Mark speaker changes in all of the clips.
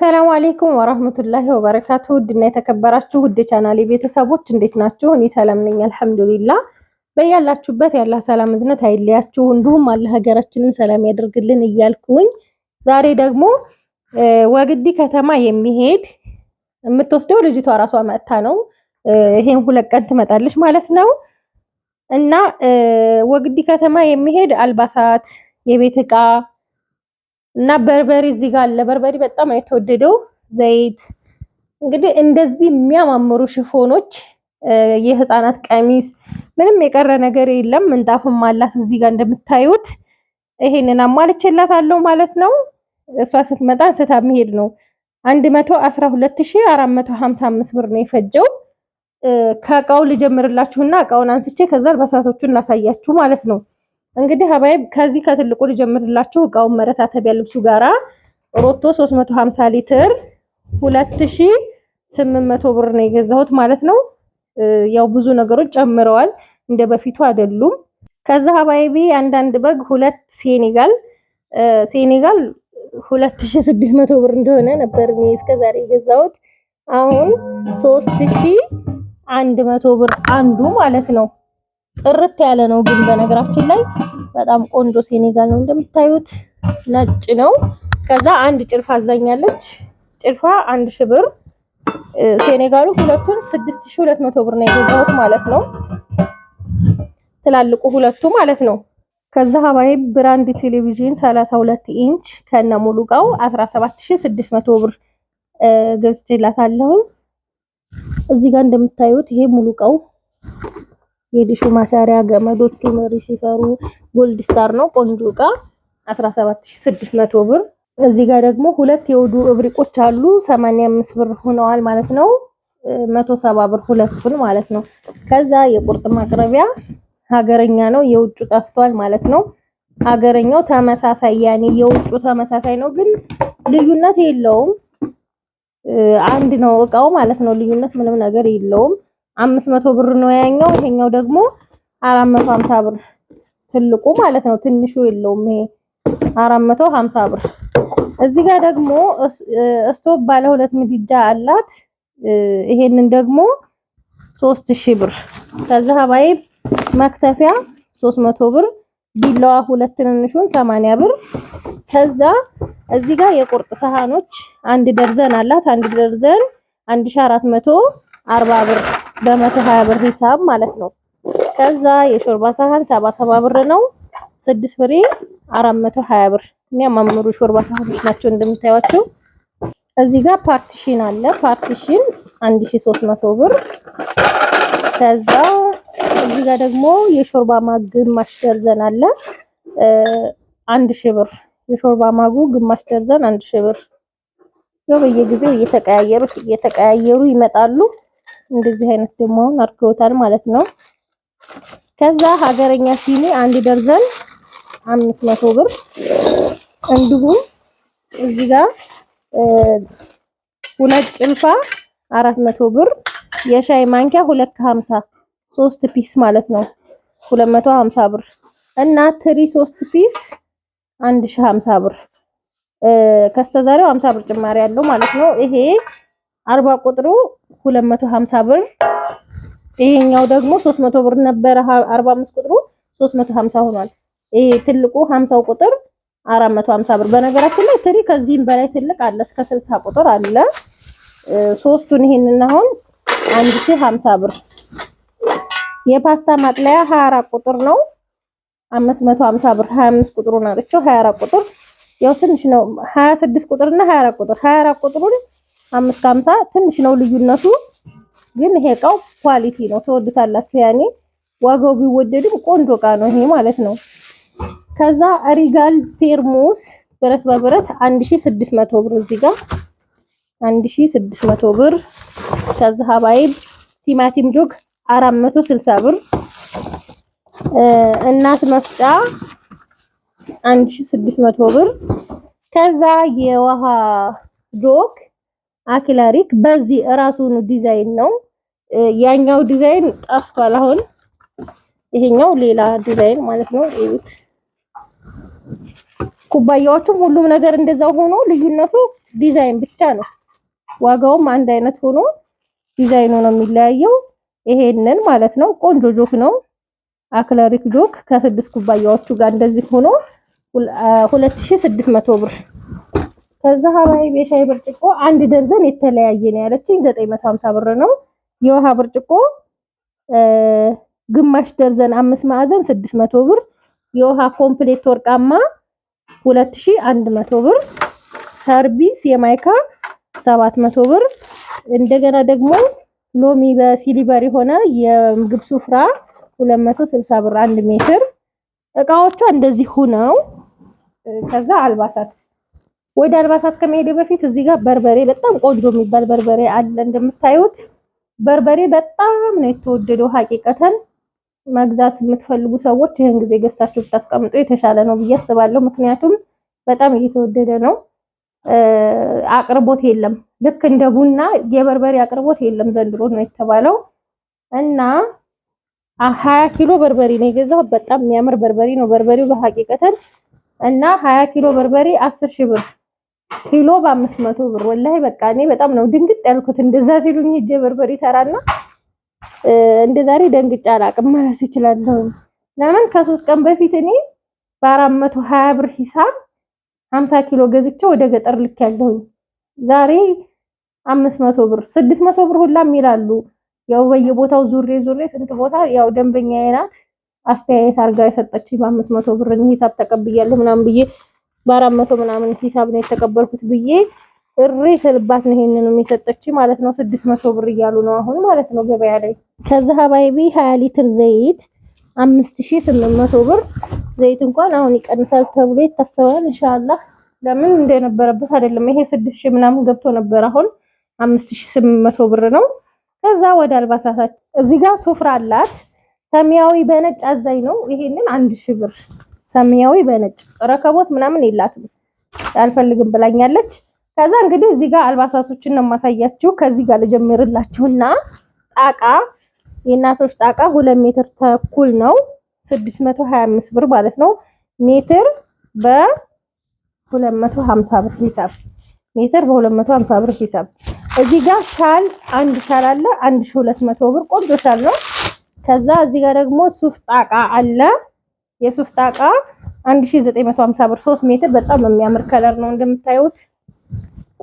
Speaker 1: ሰላም አሌይኩም ወራህመቱላሂ ወበረካቱ። ውድና የተከበራችሁ ውድ ቻናሌ ቤተሰቦች እንዴት ናችሁ? እኔ ሰላም ነኝ አልሐምዱሊላ። በያላችሁበት የአላህ ሰላም እዝነት አይለያችሁ፣ እንዲሁም አላህ ሀገራችንን ሰላም ያደርግልን እያልኩኝ ዛሬ ደግሞ ወግዲ ከተማ የሚሄድ የምትወስደው ልጅቷ ራሷ መጥታ ነው። ይሄን ሁለት ቀን ትመጣለች ማለት ነው እና ወግዲ ከተማ የሚሄድ አልባሳት፣ የቤት እቃ እና በርበሬ እዚህ ጋር አለ። በርበሬ በጣም የተወደደው ዘይት እንግዲህ እንደዚህ የሚያማምሩ ሽፎኖች፣ የህፃናት ቀሚስ ምንም የቀረ ነገር የለም። ምንጣፍም አላት እዚህ ጋር እንደምታዩት። ይሄንን አሟልቼላት አለው ማለት ነው። እሷ ስትመጣ ስታ መሄድ ነው። 112455 ብር ነው የፈጀው። ከእቃው ልጀምርላችሁና እቃውን አንስቼ ከዛ አልባሳቶቹን ላሳያችሁ ማለት ነው። እንግዲህ ሀባይ ከዚህ ከትልቁ ልጀምርላችሁ። እቃውን መረታተቢያ ልብሱ ጋራ ሮቶ 350 ሊትር 2800 ብር ነው የገዛሁት ማለት ነው። ያው ብዙ ነገሮች ጨምረዋል፣ እንደ በፊቱ አይደሉም። ከዛ ሀባይቢ አንዳንድ በግ ሁለት ሴኔጋል ሴኔጋል 2600 ብር እንደሆነ ነበር እኔ እስከዛሬ የገዛሁት። አሁን 3100 ብር አንዱ ማለት ነው። ጥርት ያለ ነው። ግን በነገራችን ላይ በጣም ቆንጆ ሴኔጋል ነው እንደምታዩት፣ ነጭ ነው። ከዛ አንድ ጭልፋ አዛኛለች። ጭልፋ አንድ ሺህ ብር፣ ሴኔጋሉ ሁለቱን 6200 ብር ነው የገዛሁት ማለት ነው። ትላልቁ ሁለቱ ማለት ነው። ከዛ ሀባይ ብራንድ ቴሌቪዥን 32 ኢንች ከነ ሙሉ እቃው 17600 ብር ገዝቼላታለሁ። እዚህ ጋር እንደምታዩት ይሄ ሙሉ እቃው የዲሹ ማሰሪያ ገመዶቹ ሪሲቨሩ ጎልድ ስታር ነው። ቆንጆ እቃ 17600 ብር። እዚህ ጋር ደግሞ ሁለት የወዱ እብሪቆች አሉ 85 ብር ሆነዋል ማለት ነው። 170 ብር ሁለቱን ማለት ነው። ከዛ የቁርጥ ማቅረቢያ ሀገረኛ ነው። የውጩ ጠፍቷል ማለት ነው። ሀገረኛው ተመሳሳይ ያኔ የውጩ ተመሳሳይ ነው፣ ግን ልዩነት የለውም። አንድ ነው እቃው ማለት ነው። ልዩነት ምንም ነገር የለውም። አምስት መቶ ብር ነው ያኛው። ይሄኛው ደግሞ 450 ብር ትልቁ ማለት ነው። ትንሹ የለውም። ይሄ 450 ብር። እዚህ ጋር ደግሞ ስቶፕ ባለ ሁለት ምድጃ አላት። ይሄንን ደግሞ 3000 ብር። ከዛ ሀባይ መክተፊያ 300 ብር፣ ቢላዋ ሁለት ትንንሹን 80 ብር። ከዛ እዚህ ጋር የቁርጥ ሰሃኖች አንድ ደርዘን አላት። አንድ ደርዘን 1440 ብር በመቶ ሀያ ብር ሂሳብ ማለት ነው። ከዛ የሾርባ ሳህን ሰባ ሰባ ብር ነው። ስድስት ፍሬ አራት መቶ ሀያ ብር የሚያማምሩ ሾርባ ሳህኖች ናቸው እንደምታዩቸው። እዚህ ጋር ፓርቲሽን አለ። ፓርቲሽን 1300 ብር። ከዛ እዚህ ጋር ደግሞ የሾርባ ማግ ግማሽ ደርዘን አለ 1000 ብር። የሾርባ ማጉ ግማሽ ደርዘን 1000 ብር። ያው በየጊዜው እየተቀያየሩ እየተቀያየሩ ይመጣሉ። እንደዚህ አይነት ደግሞ አድርገውታል ማለት ነው። ከዛ ሀገረኛ ሲኒ አንድ ደርዘን 500 ብር፣ እንዲሁም እዚህ ጋር ሁለት ጭልፋ 400 ብር፣ የሻይ ማንኪያ 250 ሶስት ፒስ ማለት ነው 250 ብር እና ትሪ ሶስት ፒስ 1050 ብር ከስተዛሬው 50 ብር ጭማሪ ያለው ማለት ነው ይሄ አርባ ቁጥሩ 250 ብር፣ ይሄኛው ደግሞ 300 ብር ነበረ። 45 ቁጥሩ 350 ሆኗል። ይሄ ትልቁ 50 ቁጥር 450 ብር። በነገራችን ላይ ትሪ ከዚህም በላይ ትልቅ አለ፣ እስከ 60 ቁጥር አለ። ሶስቱን ይሄንን አሁን 1050 ብር። የፓስታ ማጥለያ 24 ቁጥር ነው 550 ብር። 25 ቁጥሩን አለችው 24 ቁጥር ያው ትንሽ ነው። 26 ቁጥር 24 ቁጥር 24 ቁጥሩን አምስት ከሀምሳ ትንሽ ነው ልዩነቱ፣ ግን ይሄ እቃው ኳሊቲ ነው፣ ተወዱታላችሁ። ያኔ ዋጋው ቢወደድም ቆንጆ እቃ ነው ይሄ ማለት ነው። ከዛ ሪጋል ቴርሞስ ብረት በብረት 1600 ብር እዚህ ጋር 1600 ብር። ከዛ ሀባይብ ቲማቲም ጆግ 460 ብር። እናት መፍጫ 1600 ብር። ከዛ የውሃ ጆግ አክለሪክ በዚህ እራሱን ዲዛይን ነው። ያኛው ዲዛይን ጠፍቷል። አሁን ይሄኛው ሌላ ዲዛይን ማለት ነው። እዩት። ኩባያዎቹም ሁሉም ነገር እንደዛው ሆኖ ልዩነቱ ዲዛይን ብቻ ነው። ዋጋውም አንድ አይነት ሆኖ ዲዛይኑ ነው የሚለያየው። ይሄንን ማለት ነው። ቆንጆ ጆክ ነው። አክለሪክ ጆክ ከስድስት ኩባያዎቹ ጋር እንደዚህ ሆኖ 2600 ብር ከዛ ሀባይ የሻይ ብርጭቆ አንድ ደርዘን የተለያየ ነው ያለችኝ 950 ብር ነው። የውሃ ብርጭቆ ግማሽ ደርዘን አምስት ማዕዘን 600 ብር። የውሃ ኮምፕሌት ወርቃማ 2100 ብር። ሰርቪስ የማይካ 700 ብር። እንደገና ደግሞ ሎሚ በሲሊቨር የሆነ የምግብ ሱፍራ 260 ብር አንድ ሜትር። እቃዎቿ እንደዚህ ሁነው ከዛ አልባሳት ወደ አልባሳት ከመሄድ በፊት እዚህ ጋር በርበሬ በጣም ቆንጆ የሚባል በርበሬ አለ። እንደምታዩት በርበሬ በጣም ነው የተወደደው። ሀቂቀተን መግዛት የምትፈልጉ ሰዎች ይህን ጊዜ ገዝታችሁ ብታስቀምጡ የተሻለ ነው ብዬ አስባለሁ። ምክንያቱም በጣም እየተወደደ ነው። አቅርቦት የለም። ልክ እንደ ቡና የበርበሬ አቅርቦት የለም ዘንድሮ ነው የተባለው እና ሀያ ኪሎ በርበሬ ነው የገዛው በጣም የሚያምር በርበሬ ነው። በርበሬው በሀቂቀተን እና ሀያ ኪሎ በርበሬ አስር ሺህ ብር ኪሎ በአምስት መቶ ብር ወላሂ በቃ እኔ በጣም ነው ድንግጥ ያልኩት። እንደዛ ሲሉኝ ሂጄ በርበሬ ተራና እንደ ዛሬ ደንግጬ አላቅም ማለት እችላለሁ። ለምን ከሶስት ቀን በፊት እኔ በአራት መቶ ሀያ ብር ሂሳብ ሀምሳ ኪሎ ገዝቼ ወደ ገጠር ልክ ያለሁኝ ዛሬ አምስት መቶ ብር ስድስት መቶ ብር ሁላም ይላሉ። ያው በየቦታው ዙሬ ዙሬ ስንት ቦታ ያው ደንበኛ የናት አስተያየት አርጋ የሰጠችኝ በአምስት መቶ ብር ሂሳብ ተቀብያለሁ ምናምን ብዬ በአራት መቶ ምናምን ሂሳብ ነው የተቀበልኩት ብዬ እሬ ስልባት ነው ይሄንን የሚሰጠች ማለት ነው። ስድስት መቶ ብር እያሉ ነው አሁን ማለት ነው ገበያ ላይ። ከዛ ሀባይቢ ሀያ ሊትር ዘይት አምስት ሺህ ስምንት መቶ ብር ዘይት እንኳን አሁን ይቀንሳል ተብሎ ይታሰባል ኢንሻአላህ። ለምን እንደነበረበት አይደለም። ይሄ ስድስት ሺህ ምናምን ገብቶ ነበር። አሁን አምስት ስምንት መቶ ብር ነው። ከዛ ወደ አልባሳታች እዚህ ጋር ሱፍራ አላት ሰማያዊ በነጭ አዛኝ ነው። ይሄንን አንድ ሺ ብር ሰማያዊ በነጭ ረከቦት ምናምን የላትም አልፈልግም ብላኛለች። ከዛ እንግዲህ እዚህ ጋር አልባሳቶችን ነው የማሳያችሁ። ከዚህ ጋር ልጀምርላችሁና ጣቃ የእናቶች ጣቃ ሁለት ሜትር ተኩል ነው 625 ብር ማለት ነው። ሜትር በ250 ብር ሂሳብ ሜትር በ250 ብር ሂሳብ። እዚህ ጋር ሻል አንድ ሻል አለ 1200 ብር ቆንጆ ሻል ነው። ከዛ እዚህ ጋር ደግሞ ሱፍ ጣቃ አለ የሱፍ ጣቃ 1950 ብር 3 ሜትር በጣም የሚያምር ከለር ነው እንደምታዩት።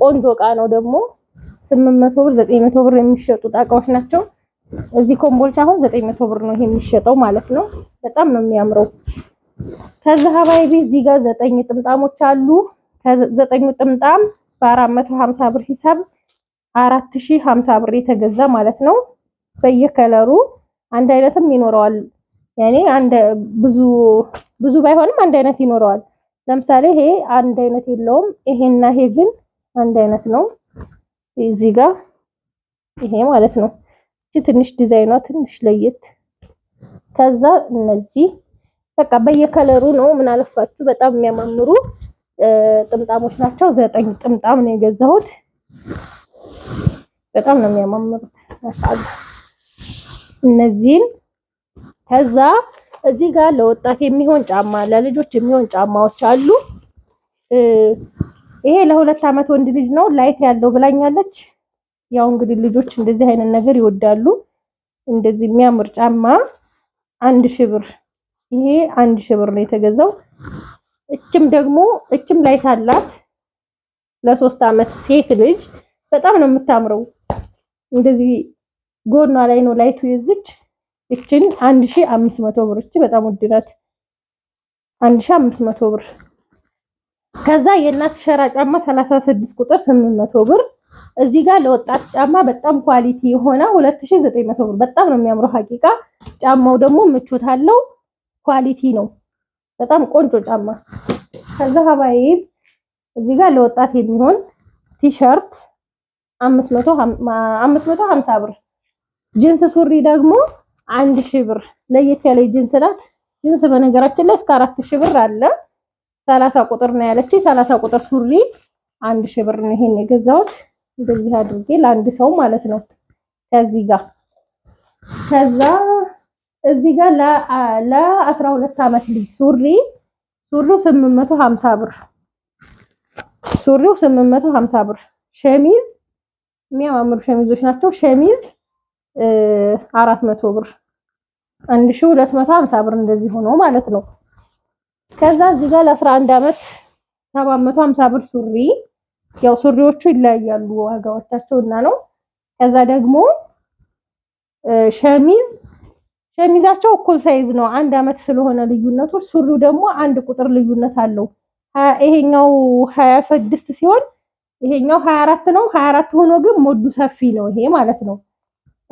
Speaker 1: ቆንጆ እቃ ነው ደግሞ 800 ብር 900 ብር የሚሸጡ ጣቃዎች ናቸው። እዚህ ኮምቦልቻ አሁን 900 ብር ነው ይሄ የሚሸጠው ማለት ነው። በጣም ነው የሚያምረው። ከዛ ሀባይ ቤት እዚህ ጋር ዘጠኝ ጥምጣሞች አሉ። ከዘጠኙ ጥምጣም በ450 ብር ሂሳብ 4050 ብር የተገዛ ማለት ነው። በየከለሩ አንድ አይነትም ይኖረዋል ያኔ አንድ ብዙ ብዙ ባይሆንም አንድ አይነት ይኖረዋል። ለምሳሌ ይሄ አንድ አይነት የለውም። ይሄና ይሄ ግን አንድ አይነት ነው። እዚህ ጋር ይሄ ማለት ነው። እቺ ትንሽ ዲዛይኗ ትንሽ ለየት። ከዛ እነዚህ በቃ በየከለሩ ነው። ምን አለፋችሁ በጣም የሚያማምሩ ጥምጣሞች ናቸው። ዘጠኝ ጥምጣም ነው የገዛሁት። በጣም ነው የሚያማምሩት። እነዚህን ከዛ እዚህ ጋር ለወጣት የሚሆን ጫማ ለልጆች የሚሆን ጫማዎች አሉ። ይሄ ለሁለት ዓመት ወንድ ልጅ ነው ላይት ያለው ብላኛለች። ያው እንግዲህ ልጆች እንደዚህ አይነት ነገር ይወዳሉ። እንደዚህ የሚያምር ጫማ አንድ ሺህ ብር ይሄ አንድ ሺህ ብር ነው የተገዛው። እችም ደግሞ እችም ላይት አላት ለሶስት ዓመት ሴት ልጅ በጣም ነው የምታምረው። እንደዚህ ጎኗ ላይ ነው ላይቱ የዝች ይችን 1500 ብር እቺ በጣም ውድ ናት። 1500 ብር ከዛ የእናት ሸራ ጫማ 36 ቁጥር 800 ብር። እዚህ ጋር ለወጣት ጫማ በጣም ኳሊቲ የሆነ 2900 ብር። በጣም ነው የሚያምረው ሀቂቃ። ጫማው ደግሞ ምቾት አለው፣ ኳሊቲ ነው። በጣም ቆንጆ ጫማ። ከዛ ሀባይ እዚህ ጋር ለወጣት የሚሆን ቲሸርት 550 ብር። ጂንስ ሱሪ ደግሞ አንድ ሺህ ብር ለየት ያለ ጅንስ ናት። ጅንስ በነገራችን ላይ እስከ አራት ሺህ ብር አለ። ሰላሳ ቁጥር ነው ያለች። ሰላሳ ቁጥር ሱሪ አንድ ሺህ ብር ነው። ይሄን የገዛሁት እንደዚህ አድርጌ ለአንድ ሰው ማለት ነው። ከዚህ ጋር ከዛ እዚህ ጋር ለአስራ ሁለት አመት ልጅ ሱሪ ሱሪው 850 ብር ሱሪው 850 ብር። ሸሚዝ የሚያማምሩ ሸሚዞች ናቸው። ሸሚዝ አራት መቶ ብር አንድ ሺህ ሁለት መቶ ሀምሳ ብር እንደዚህ ሆኖ ማለት ነው። ከዛ እዚህ ጋር ለአስራ አንድ አመት ሰባት መቶ ሀምሳ ብር ሱሪ ያው ሱሪዎቹ ይለያያሉ ዋጋዎቻቸው እና ነው። ከዛ ደግሞ ሸሚዝ ሸሚዛቸው እኩል ሳይዝ ነው። አንድ አመት ስለሆነ ልዩነቱ፣ ሱሪው ደግሞ አንድ ቁጥር ልዩነት አለው። ይሄኛው ሀያ ስድስት ሲሆን ይሄኛው ሀያ አራት ነው። ሀያ አራት ሆኖ ግን ሞዱ ሰፊ ነው ይሄ ማለት ነው።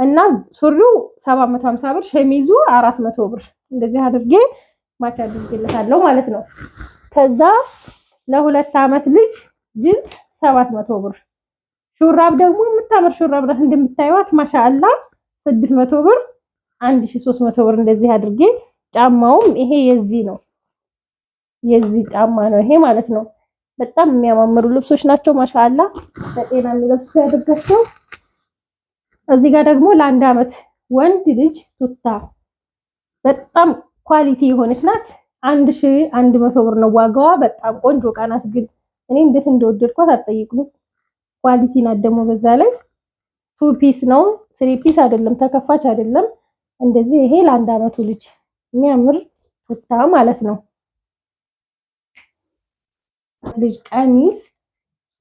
Speaker 1: እና ሱሪው 750 ብር፣ ሸሚዙ 400 ብር። እንደዚህ አድርጌ ማቻ አድርጌለታለሁ ማለት ነው። ከዛ ለሁለት አመት ልጅ ጅንስ 700 ብር፣ ሹራብ ደግሞ የምታምር ሹራብ ናት እንደምታዩት ማሻአላ 600 ብር፣ 1300 ብር። እንደዚህ አድርጌ ጫማውም ይሄ የዚህ ነው የዚህ ጫማ ነው ይሄ ማለት ነው። በጣም የሚያማምሩ ልብሶች ናቸው። ማሻአላ በጤና የሚለብሱ ያደርጋቸው እዚህ ጋር ደግሞ ለአንድ አመት ወንድ ልጅ ቱታ በጣም ኳሊቲ የሆነች ናት። አንድ ሺ አንድ መቶ ብር ነው ዋጋዋ። በጣም ቆንጆ እቃ ናት። ግን እኔ እንዴት እንደወደድኳት አትጠይቁኝ። ኳሊቲ ናት ደግሞ በዛ ላይ ቱ ፒስ ነው ስሪ ፒስ አይደለም፣ ተከፋች አይደለም። እንደዚህ ይሄ ለአንድ አመቱ ልጅ የሚያምር ቱታ ማለት ነው። ልጅ ቀሚስ፣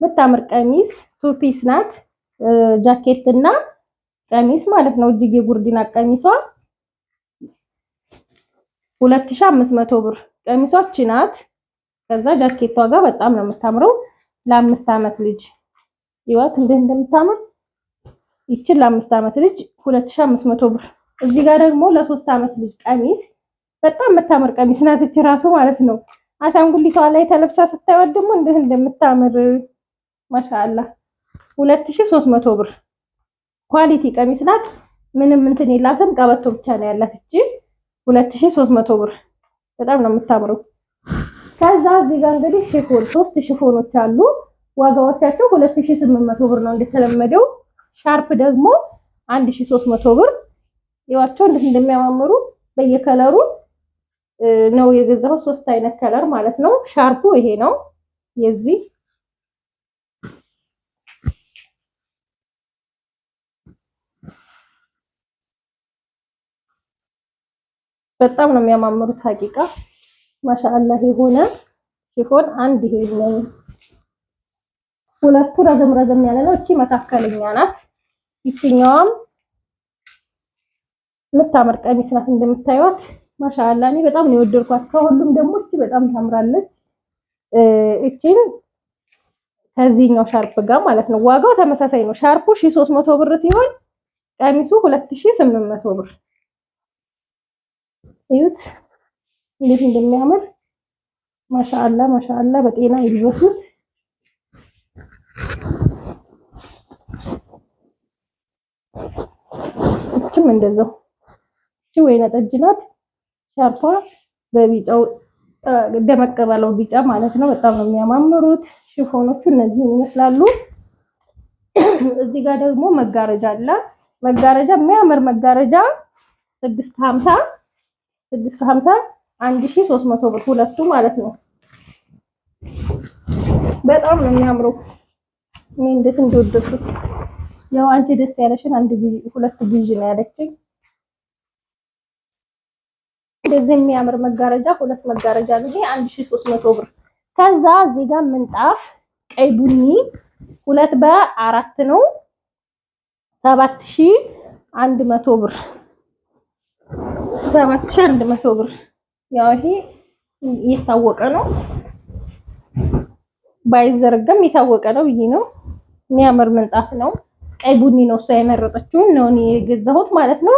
Speaker 1: የምታምር ቀሚስ ቱ ፒስ ናት ጃኬት እና ቀሚስ ማለት ነው። እጅጌ ጉርዲና ቀሚሷ 2500 ብር ቀሚሶች ናት። ከዛ ጃኬቷ ጋር በጣም ነው የምታምረው። ለአምስት አመት ልጅ ይዋት እንዴት እንደምታምር ይቺ ለአምስት ዓመት ልጅ 2500 ብር። እዚህ ጋር ደግሞ ለሶስት አመት ልጅ ቀሚስ በጣም የምታምር ቀሚስ ናት እቺ ራሱ ማለት ነው። አሻንጉሊቷ ላይ ተለብሳ ስታይዋት ደግሞ እንዴት እንደምታምር ማሻአላ 2300 ብር ኳሊቲ ቀሚስ ናት። ምንም እንትን የላትም። ቀበቶ ብቻ ነው ያላት። እቺ 2300 ብር በጣም ነው የምታምረው። ከዛ እዚህ ጋር እንግዲህ ሽፎን ሶስት ሽፎኖች አሉ። ዋጋዎቻቸው 2800 ብር ነው እንደተለመደው። ሻርፕ ደግሞ 1300 ብር። ይዋቸው እንዴት እንደሚያማምሩ በየከለሩ ነው የገዛው። ሶስት አይነት ከለር ማለት ነው። ሻርፑ ይሄ ነው የዚህ በጣም ነው የሚያማምሩት። ሀቂቃ ማሻአላህ የሆነ ሲሆን አንድ ይሄ ነው። ሁለቱ ረዘም ረዘም ያለ ነው። እቺ መካከለኛ ናት። ይችኛዋም የምታምር ቀሚስ ናት እንደምታዩት። ማሻአላህ እኔ በጣም ነው የወደድኳት። ከሁሉም ደግሞ እቺ በጣም ታምራለች። እቺን ከዚህኛው ሻርፕ ጋር ማለት ነው። ዋጋው ተመሳሳይ ነው። ሻርፑ 1300 ብር ሲሆን ቀሚሱ 2800 ብር እዩት እንዴት እንደሚያምር ማሻአላ ማሻአላ። በጤና ይልበሱት። እችም እንደዛው እቺ ወይነ ጠጅ ናት። ሻርፓ በቢጫው ደመቅ ባለው ቢጫ ማለት ነው። በጣም ነው የሚያማምሩት ሽፎኖቹ እነዚህ ይመስላሉ። እዚህ ጋር ደግሞ መጋረጃ አለ። መጋረጃ የሚያምር መጋረጃ ስድስት ሀምሳ ስድስት ሀምሳ አንድ ሺህ ሦስት መቶ ብር ሁለቱ ማለት ነው። በጣም ነው የሚያምረው። እኔ እንዴት እንደወደድኩት ያው አንቺ ደስ ያለሽን አንድ ሁለት ግዢ ነው ያለችኝ። እንደዚህ የሚያምር መጋረጃ ሁለት መጋረጃ ነው ይሄ 1300 ብር። ከዛ እዚህ ጋር ምንጣፍ ቀይ ቡኒ ሁለት በአራት ነው 7100 ብር ሰባት ሺህ አንድ መቶ ብር ያው ይሄ የታወቀ ነው፣ ባይዘረጋም የታወቀ ነው። ይሄ ነው የሚያምር ምንጣፍ ነው። ቀይ ቡኒ ነው እሷ የመረጠችውን ነው እኔ የገዛሁት ማለት ነው።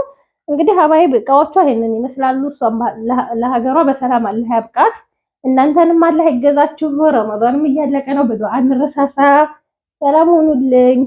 Speaker 1: እንግዲህ ሀባይ እቃዎቿ ይሄንን ይመስላሉ። እሷም ለሀገሯ በሰላም አላህ ያብቃት፣ እናንተንም አላህ ይገዛችሁ። ረመዳንም እያለቀ ነው። በዱዓ እንረሳሳ። ሰላም ሁኑልኝ።